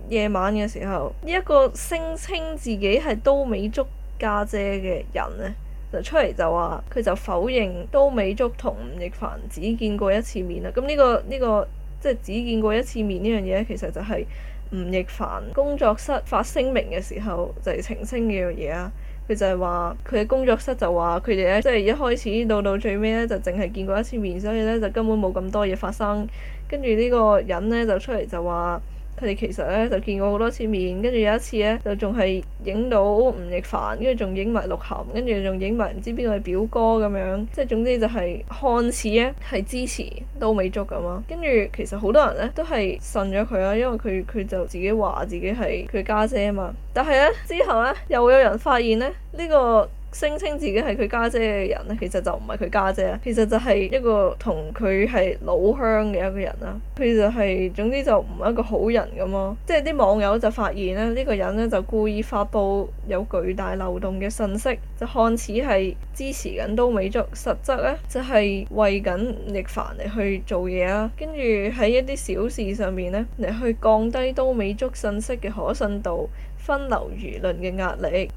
夜晚嘅時候，呢一個聲稱自己係都美竹家姐嘅人呢，就出嚟就話佢就否認都美竹同吳亦凡只見過一次面啦。咁呢、呢個呢、呢個即係、就是、只見過一次面呢樣嘢其實就係吳亦凡工作室發聲明嘅時候就係、是、澄清嘅樣嘢啊。佢就係話佢嘅工作室就話佢哋咧，即係、就是、一開始到到最尾咧，就淨係見過一次面，所以咧就根本冇咁多嘢發生。跟住呢個人呢，就出嚟就話。佢哋其實咧就見過好多次面，跟住有一次咧就仲係影到吳亦凡，跟住仲影埋鹿晗，跟住仲影埋唔知邊個係表哥咁樣，即係總之就係看似咧係支持都美竹咁咯。跟住其實好多人咧都係信咗佢啊，因為佢佢就自己話自己係佢家姐啊嘛。但係咧之後咧又有人發現咧呢個。聲稱自己係佢家姐嘅人咧，其實就唔係佢家姐啊。其實就係一個同佢係老鄉嘅一個人啦。佢就係、是、總之就唔係一個好人咁咯。即係啲網友就發現咧，呢、這個人呢就故意發布有巨大漏洞嘅信息，就看似係支持緊都美竹，實質呢就係、是、為緊吳亦凡嚟去做嘢啊。跟住喺一啲小事上面，呢嚟去降低都美竹信息嘅可信度，分流輿論嘅壓力。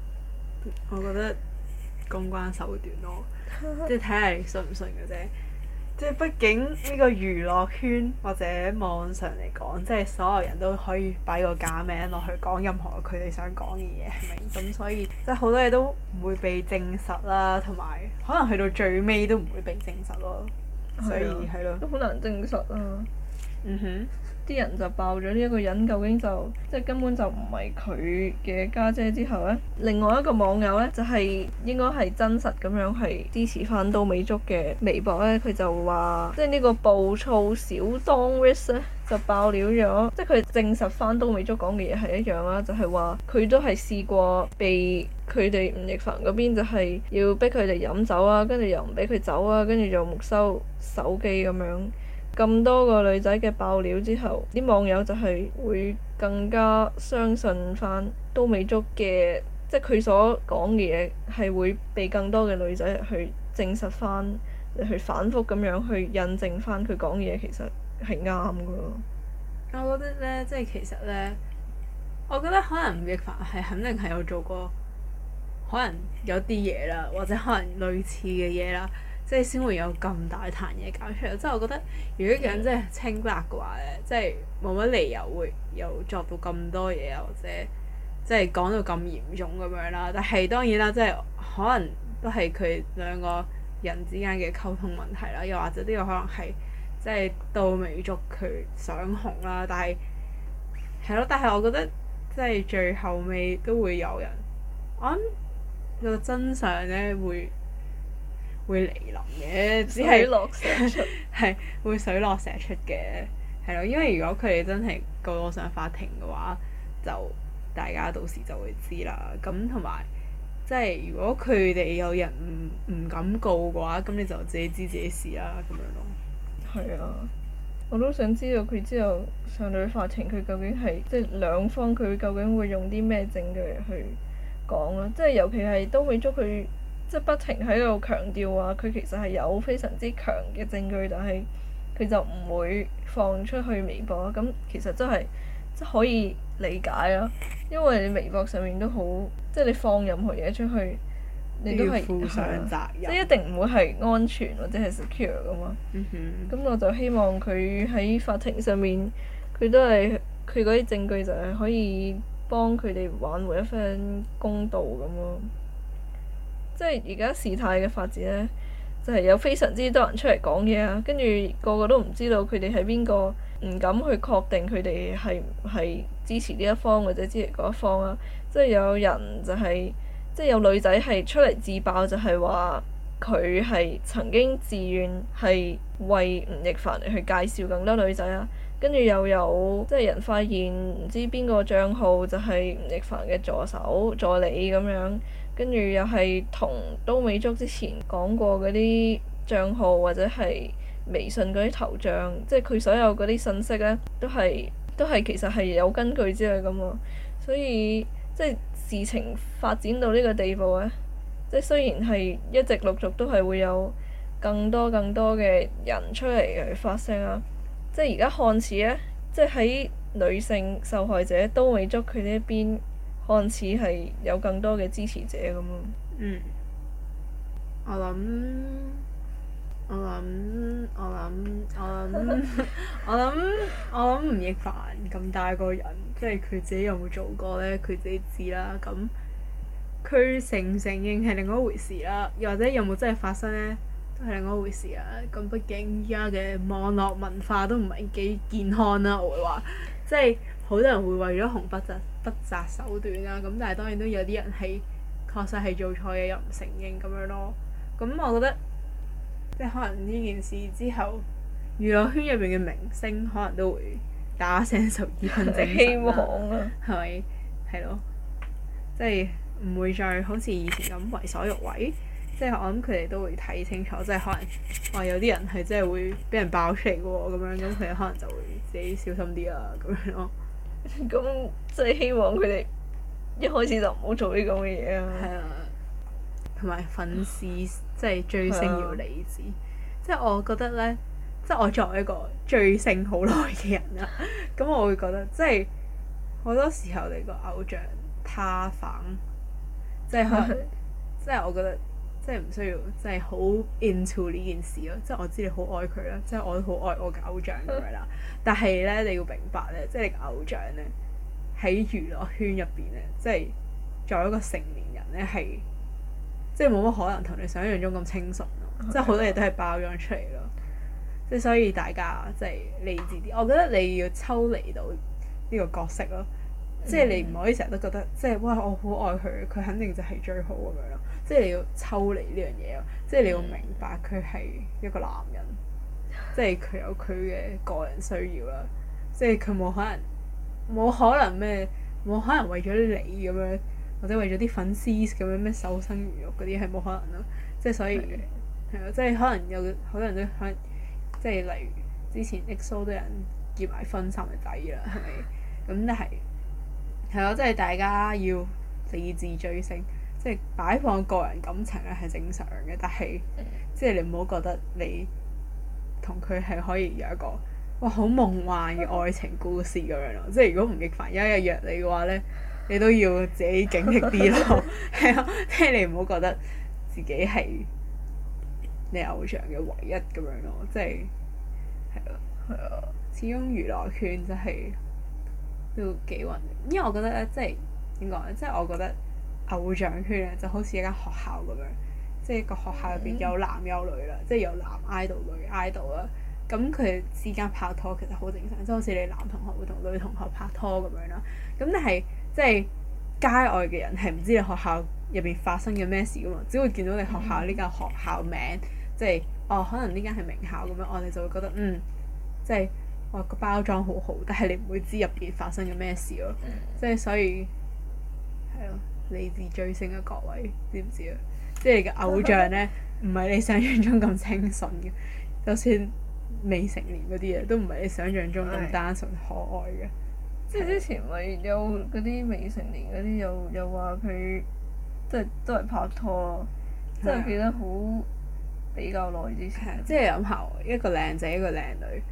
我覺得。公關手段咯，即係睇下你信唔信嘅啫。 即係畢竟呢個娛樂圈或者網上嚟講，即係所有人都可以擺個假名落去講任何佢哋想講嘅嘢，係咪？咁所以 即係好多嘢都唔會被證實啦，同埋可能去到最尾都唔會被證實咯。所以係咯，都好難證實咯。嗯哼。啲人就爆咗呢一個人究竟就即係根本就唔係佢嘅家姐之後呢，另外一個網友呢，就係應該係真實咁樣係支持翻都美竹嘅微博呢，佢就話即係呢個暴躁小當 rice 呢就爆料咗，即係佢證實翻都美竹講嘅嘢係一樣啦，就係話佢都係試過被佢哋吳亦凡嗰邊就係要逼佢哋飲酒啊，跟住又唔俾佢走啊，跟住又沒收手機咁樣。咁多個女仔嘅爆料之後，啲網友就係會更加相信翻都美竹嘅，即係佢所講嘅嘢係會被更多嘅女仔去證實翻，去反覆咁樣去印證翻佢講嘅嘢其實係啱㗎。我覺得咧，即係其實咧，我覺得可能吳亦凡係肯定係有做過，可能有啲嘢啦，或者可能類似嘅嘢啦。即係先會有咁大壇嘢搞出嚟，即係我覺得如果個人真係清白嘅話咧，嗯、即係冇乜理由會又作到咁多嘢，或者即係講到咁嚴重咁樣啦。但係當然啦，即係可能都係佢兩個人之間嘅溝通問題啦，又或者呢個可能係即係到尾做佢想紅啦。但係係咯，但係我覺得即係最後尾都會有人我諗個真相咧會。會嚟臨嘅，只係落石出，係會水落石出嘅，係咯。因為如果佢哋真係告上法庭嘅話，就大家到時就會知啦。咁同埋即係如果佢哋有人唔唔敢告嘅話，咁你就自己知自己事啦，咁樣咯。係啊，我都想知道佢之後上到去法庭，佢究竟係即係兩方佢究竟會用啲咩證據去講咯？即係尤其係都會捉佢。即係不停喺度強調話，佢其實係有非常之強嘅證據，但係佢就唔會放出去微博。咁其實真係即係可以理解啦、啊，因為你微博上面都好，即、就、係、是、你放任何嘢出去，你都係負上責任，即係、就是、一定唔會係安全或者係 secure 噶嘛。咁、mm hmm. 我就希望佢喺法庭上面，佢都係佢嗰啲證據就係可以幫佢哋挽回一份公道咁咯。即係而家事態嘅發展呢，就係、是、有非常之多人出嚟講嘢啊，跟住個個都唔知道佢哋係邊個，唔敢去確定佢哋係係支持呢一方或者支持嗰一方啊。即係有人就係、是，即係有女仔係出嚟自爆，就係話佢係曾經自願係為吳亦凡嚟去介紹更多女仔啊。跟住又有即係人發現唔知邊個賬號就係、是、吳亦凡嘅助手、助理咁樣。跟住又係同都美竹之前講過嗰啲帳號或者係微信嗰啲頭像，即係佢所有嗰啲信息呢，都係都係其實係有根據之類咁喎。所以即係事情發展到呢個地步咧，即係雖然係一直陸續都係會有更多更多嘅人出嚟嚟發聲啊，即係而家看似咧，即係喺女性受害者都美竹佢呢一邊。看似係有更多嘅支持者咁咯。嗯，我諗，我諗，我諗，我諗， 我諗，我諗吳亦凡咁大個人，即係佢自己有冇做過咧？佢自己知啦。咁佢承唔承認係另外一回事啦，又或者有冇真係發生咧，都係另外一回事呀。咁畢竟依家嘅網絡文化都唔係幾健康啦，我會話，即係。好多人會為咗紅筆就不擇手段啦、啊，咁但係當然都有啲人係確實係做錯嘢又唔承認咁樣咯。咁我覺得即係可能呢件事之後，娛樂圈入邊嘅明星可能都會打醒十二分正希望啊，係係咯，即係唔會再好似以前咁為所欲為。即係我諗佢哋都會睇清楚，即係可能話有啲人係真係會俾人爆出嚟嘅喎，咁樣咁佢哋可能就會自己小心啲啦、啊，咁樣咯。咁即係希望佢哋一開始就唔好做啲咁嘅嘢啊！係啊，同埋粉絲即係、就是、追星要理智，即係 我覺得咧，即、就、係、是、我作為一個追星好耐嘅人啦，咁 我會覺得即係好多時候你個偶像他反，即、就、係、是、可能即係 我覺得。即係唔需要，即係好 into 呢件事咯。即係我知你好愛佢啦，即係我都好愛我嘅偶像咁樣啦。 但係咧，你要明白咧，即係你嘅偶像咧喺娛樂圈入邊咧，即係作為一個成年人咧，係即係冇乜可能同你想像中咁清純咯。 即係好多嘢都係包裝出嚟咯。即係 所以大家即係理智啲。我覺得你要抽離到呢個角色咯。即係你唔可以成日都覺得，即係哇，我好愛佢，佢肯定就係最好咁樣咯。即係你要抽離呢樣嘢咯，即係你要明白佢係一個男人，嗯、即係佢有佢嘅個人需要啦， 即係佢冇可能冇可能咩冇可能為咗你咁樣，或者為咗啲粉絲咁樣咩瘦身娛樂守身如玉嗰啲係冇可能咯，即係所以係咯的，即係可能有好多人都可能，即係例如之前 EXO 啲人結埋婚就抵啦，係咪？ 咁但係係咯，即係大家要理智追星。即係擺放個人感情咧係正常嘅，但係即係你唔好覺得你同佢係可以有一個哇好夢幻嘅愛情故事咁樣咯。即係如果吳亦凡有一日約你嘅話咧，你都要自己警惕啲咯。係啊，即係你唔好覺得自己係你偶像嘅唯一咁樣咯。即係係啊係啊，始終娛樂圈真係都幾混。因為我覺得咧，即係點講咧，即係我覺得。偶像圈就好似一間學校咁樣，即係個學校入邊有男有女啦，嗯、即係有男 idol 女 idol 啦。咁佢哋之間拍拖其實好正常，即係好似你男同學會同女同學拍拖咁樣啦。咁但係即係街外嘅人係唔知你學校入邊發生嘅咩事噶嘛，只會見到你學校呢間學校名，即係、嗯即係、哦，可能呢間係名校咁樣，我、哦、哋就會覺得嗯，即係哇個包裝好好，但係你唔會知入邊發生嘅咩事咯。即、嗯、係、嗯即係、所以係咯。你自追星嘅各位，知唔知啊？即係你嘅偶像咧，唔係 你想象中咁清純嘅，就算未成年嗰啲嘢都唔係你想象中咁單純可愛嘅。即係之前咪有嗰啲未成年嗰啲又又話佢，即係都係拍拖，即係見得好比較耐之前。即係諗下，一個靚仔一個靚女。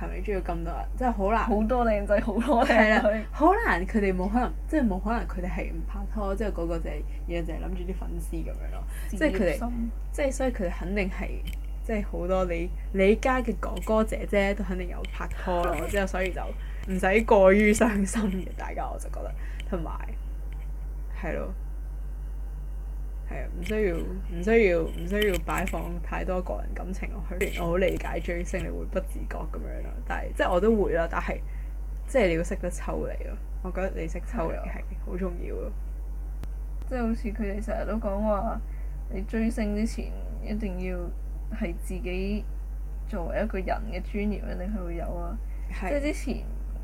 係咪中意咁多人？即係好難，好多靚仔，好多靚女，好 難。佢哋冇可能，即係冇可能。佢哋係唔拍拖，即係嗰個就係，而家就係諗住啲粉絲咁樣咯。即係佢哋，即係、就是、所以佢哋肯定係，即係好多你你家嘅哥哥姐姐都肯定有拍拖咯。之後 所以就唔使過於傷心嘅，大家我就覺得，同埋係咯。係啊，唔需要，唔需要，唔需要擺放太多個人感情落去。我好理解追星，你會不自覺咁樣咯。但係即係我都會啦。但係即係你要識得抽離咯。我覺得你識抽離係好重要咯。即係、就是、好似佢哋成日都講話，你追星之前一定要係自己作為一個人嘅專業，一定係會有啊。是的 即係之前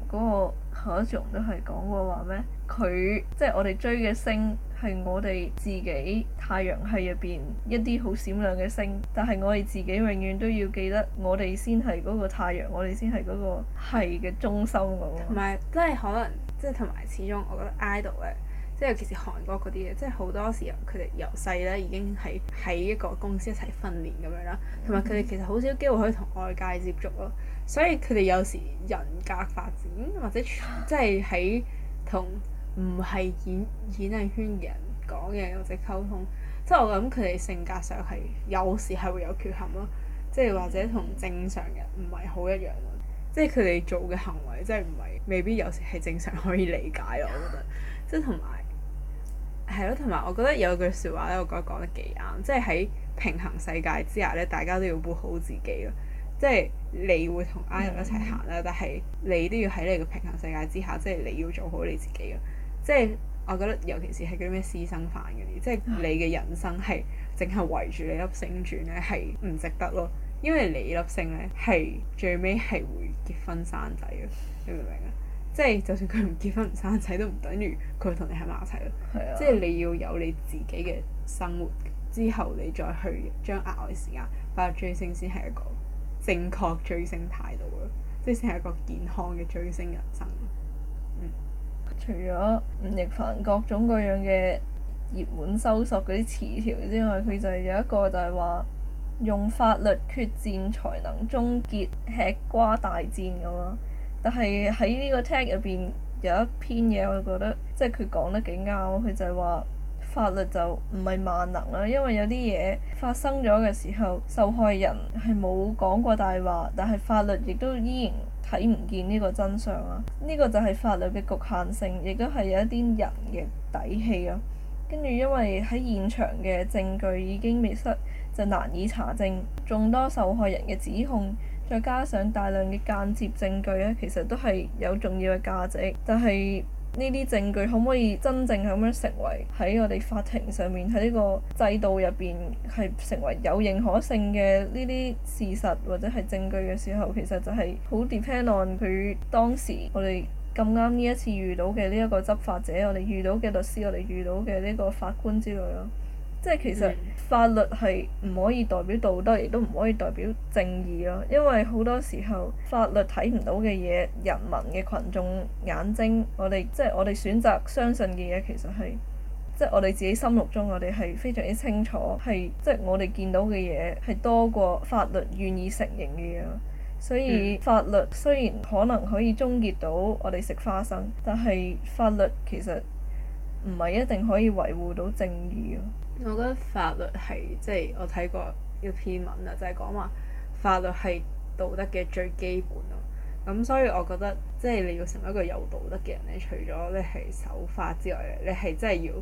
嗰、那個何炅都係講過話咩？佢即係我哋追嘅星。係我哋自己太陽系入邊一啲好閃亮嘅星，但係我哋自己永遠都要記得我，我哋先係嗰個太陽，我哋先係嗰個係嘅中心。同埋即係可能即係同埋，即係、始終我覺得 idol 咧，即係尤其是韓國嗰啲嘢，即係好多時佢哋由細咧已經喺喺一個公司一齊訓練咁樣啦，同埋佢哋其實好少機會可以同外界接觸咯，所以佢哋有時人格發展或者即係喺同。即係 唔係演演藝圈人講嘅，或者溝通，即係我諗佢哋性格上係有時係會有缺陷咯，即係或者同正常人唔係好一樣，即係佢哋做嘅行為即係唔係未必有時係正常可以理解咯，我覺得即係同埋係咯，同埋我覺得有句説話咧，我覺得講得幾啱，即係喺平衡世界之下咧，大家都要做好自己咯，即係你會同 I 人一齊行啦，mm hmm. 但係你都要喺你個平衡世界之下，即係你要做好你自己咯。即係我覺得，尤其是係嗰啲咩私生飯嗰啲，即係你嘅人生係淨係圍住你粒星轉咧，係唔值得咯。因為你粒星咧係最尾係會結婚生仔嘅，你明唔明啊？ 即係就算佢唔結婚唔生仔，都唔等於佢同你喺埋一齊。係 即係你要有你自己嘅生活之後，你再去將額外時間擺落追星，先係一個正確追星態度咯。即係先係一個健康嘅追星人生。除咗吳亦凡各種各樣嘅熱門搜索嗰啲詞條之外，佢就係有一個就係話用法律決戰才能終結吃瓜大戰咁咯。但係喺呢個 tag 入邊有一篇嘢，我覺得即係佢講得幾啱。佢就係話法律就唔係萬能啦，因為有啲嘢發生咗嘅時候，受害人係冇講過大話，但係法律亦都依然，睇唔見呢個真相啊！呢、這個就係法律嘅局限性，亦都係有一啲人嘅底氣啊。跟住因為喺現場嘅證據已經滅失，就難以查證眾多受害人嘅指控，再加上大量嘅間接證據呢其實都係有重要嘅價值，但係，呢啲證據可唔可以真正咁樣成為喺我哋法庭上面喺呢個制度入邊係成為有認可性嘅呢啲事實或者係證據嘅時候，其實就係好 depend on 佢當時我哋咁啱呢一次遇到嘅呢一個執法者，我哋遇到嘅律師，我哋遇到嘅呢個法官之類咯。即係其實法律係唔可以代表道德，亦都唔可以代表正義咯，啊。因為好多時候法律睇唔到嘅嘢，人民嘅群眾眼睛，我哋即係我哋選擇相信嘅嘢，其實係即係我哋自己心目中，我哋係非常之清楚，係即係我哋見到嘅嘢係多過法律願意承認嘅嘢。所以法律雖然可能可以終結到我哋食花生，但係法律其實唔係一定可以維護到正義啊。我覺得法律係即係我睇過一篇文呀，就係講話法律係道德嘅最基本咯。咁所以我覺得即係你要成為一個有道德嘅人咧，除咗你係守法之外，你係真係要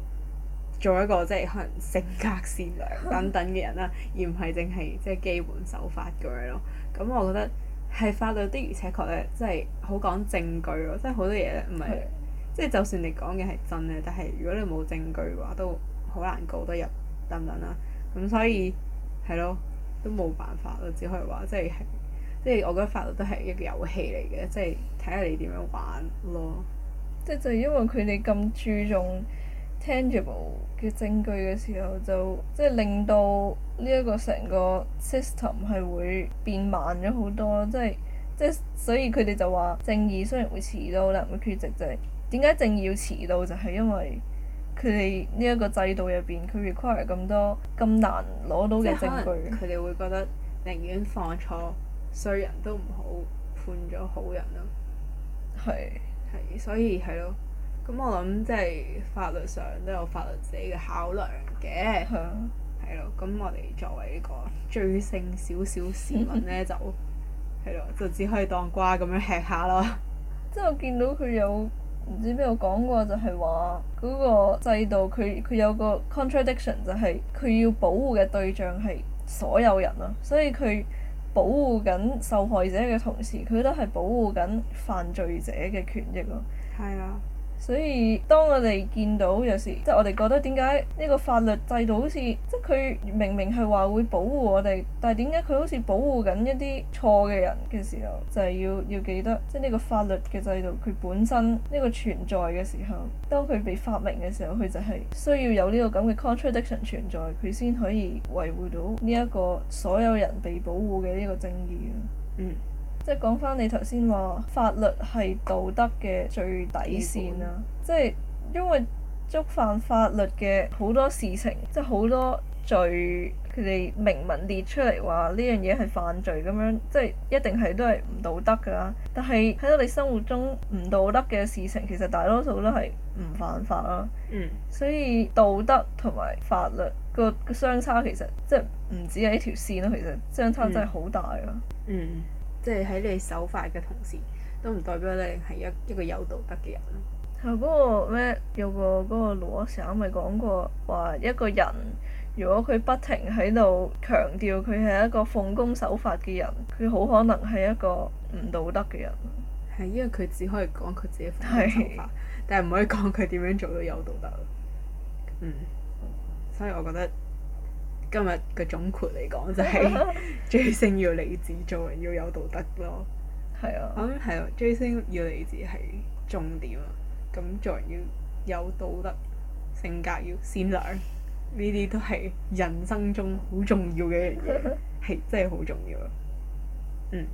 做一個即係可能性格善良等等嘅人啦， 而唔係淨係即係基本守法咁樣咯。咁我覺得係法律的而且確咧，即係好講證據咯，即係好多嘢唔係即係就算你講嘅係真嘅，但係如果你冇證據嘅話都好難告得入等等啦、啊，咁所以係咯，都冇辦法啦，只可以話即係即係我覺得法律都係一個遊戲嚟嘅，即係睇下你點樣玩咯。即係就因為佢哋咁注重 tangible 嘅證據嘅時候，就即係令到呢一個成個 system 係會變慢咗好多咯。即係即係所以佢哋就話，正義雖然會遲到啦，唔會缺席就係點解正義要遲到就係、是、因為。佢哋呢一個制度入邊，佢 require 咁多咁難攞到嘅證據，佢哋會覺得寧願放錯衰人都唔好判咗好人咯。係係的，所以係咯，咁我諗即係法律上都有法律自己嘅考量嘅。係啊的，係咯，咁我哋作為呢個追勝少少市民咧， 就係咯，就只可以當瓜咁樣吃下啦。即係我見到佢有。唔知邊度講過就係話嗰個制度，佢佢有個 contradiction，就係佢要保護嘅對象係所有人囉，啊，所以佢保護緊受害者嘅同時，佢都係保護緊犯罪者嘅權益咯。係啊。所以當我哋見到有時，即係我哋覺得點解呢個法律制度好似，即係佢明明係話會保護我哋，但係點解佢好似保護緊一啲錯嘅人嘅時候，就係要要記得，即係呢個法律嘅制度佢本身呢個存在嘅時候，當佢被發明嘅時候，佢就係需要有呢個咁嘅 contradiction 存在，佢先可以維護到呢一個所有人被保護嘅呢個正義咯。嗯。即係講翻你頭先話，法律係道德嘅最底線啦。本即係因為觸犯法律嘅好多事情，即係好多罪，佢哋明文列出嚟話呢樣嘢係犯罪咁樣，即係一定係都係唔道德㗎啦。但係喺我哋生活中唔道德嘅事情，其實大多數都係唔犯法啦。嗯，所以道德同埋法律個相差其實即係唔止係一條線啦。其實相差真係好大啊。嗯嗯即係喺你守法嘅同時，都唔代表你係一一個有道德嘅人。係嗰、嗯那個咩？有個嗰、那個羅 Sir 咪講過，話、那、一個人如果佢不停喺度強調佢係一個奉公守法嘅人，佢好可能係一個唔道德嘅人。係因為佢只可以講佢自己奉公守法，但係唔可以講佢點樣做到有道德。嗯，所以我覺得。今日嘅總括嚟講，就係追星要理智，做人要有道德咯。係啊。咁係、嗯、啊，追星要理智係重點啊。咁、嗯、做人要有道德，性格要善良，呢啲都係人生中好重要嘅一樣嘢，係 真係好重要啊。嗯。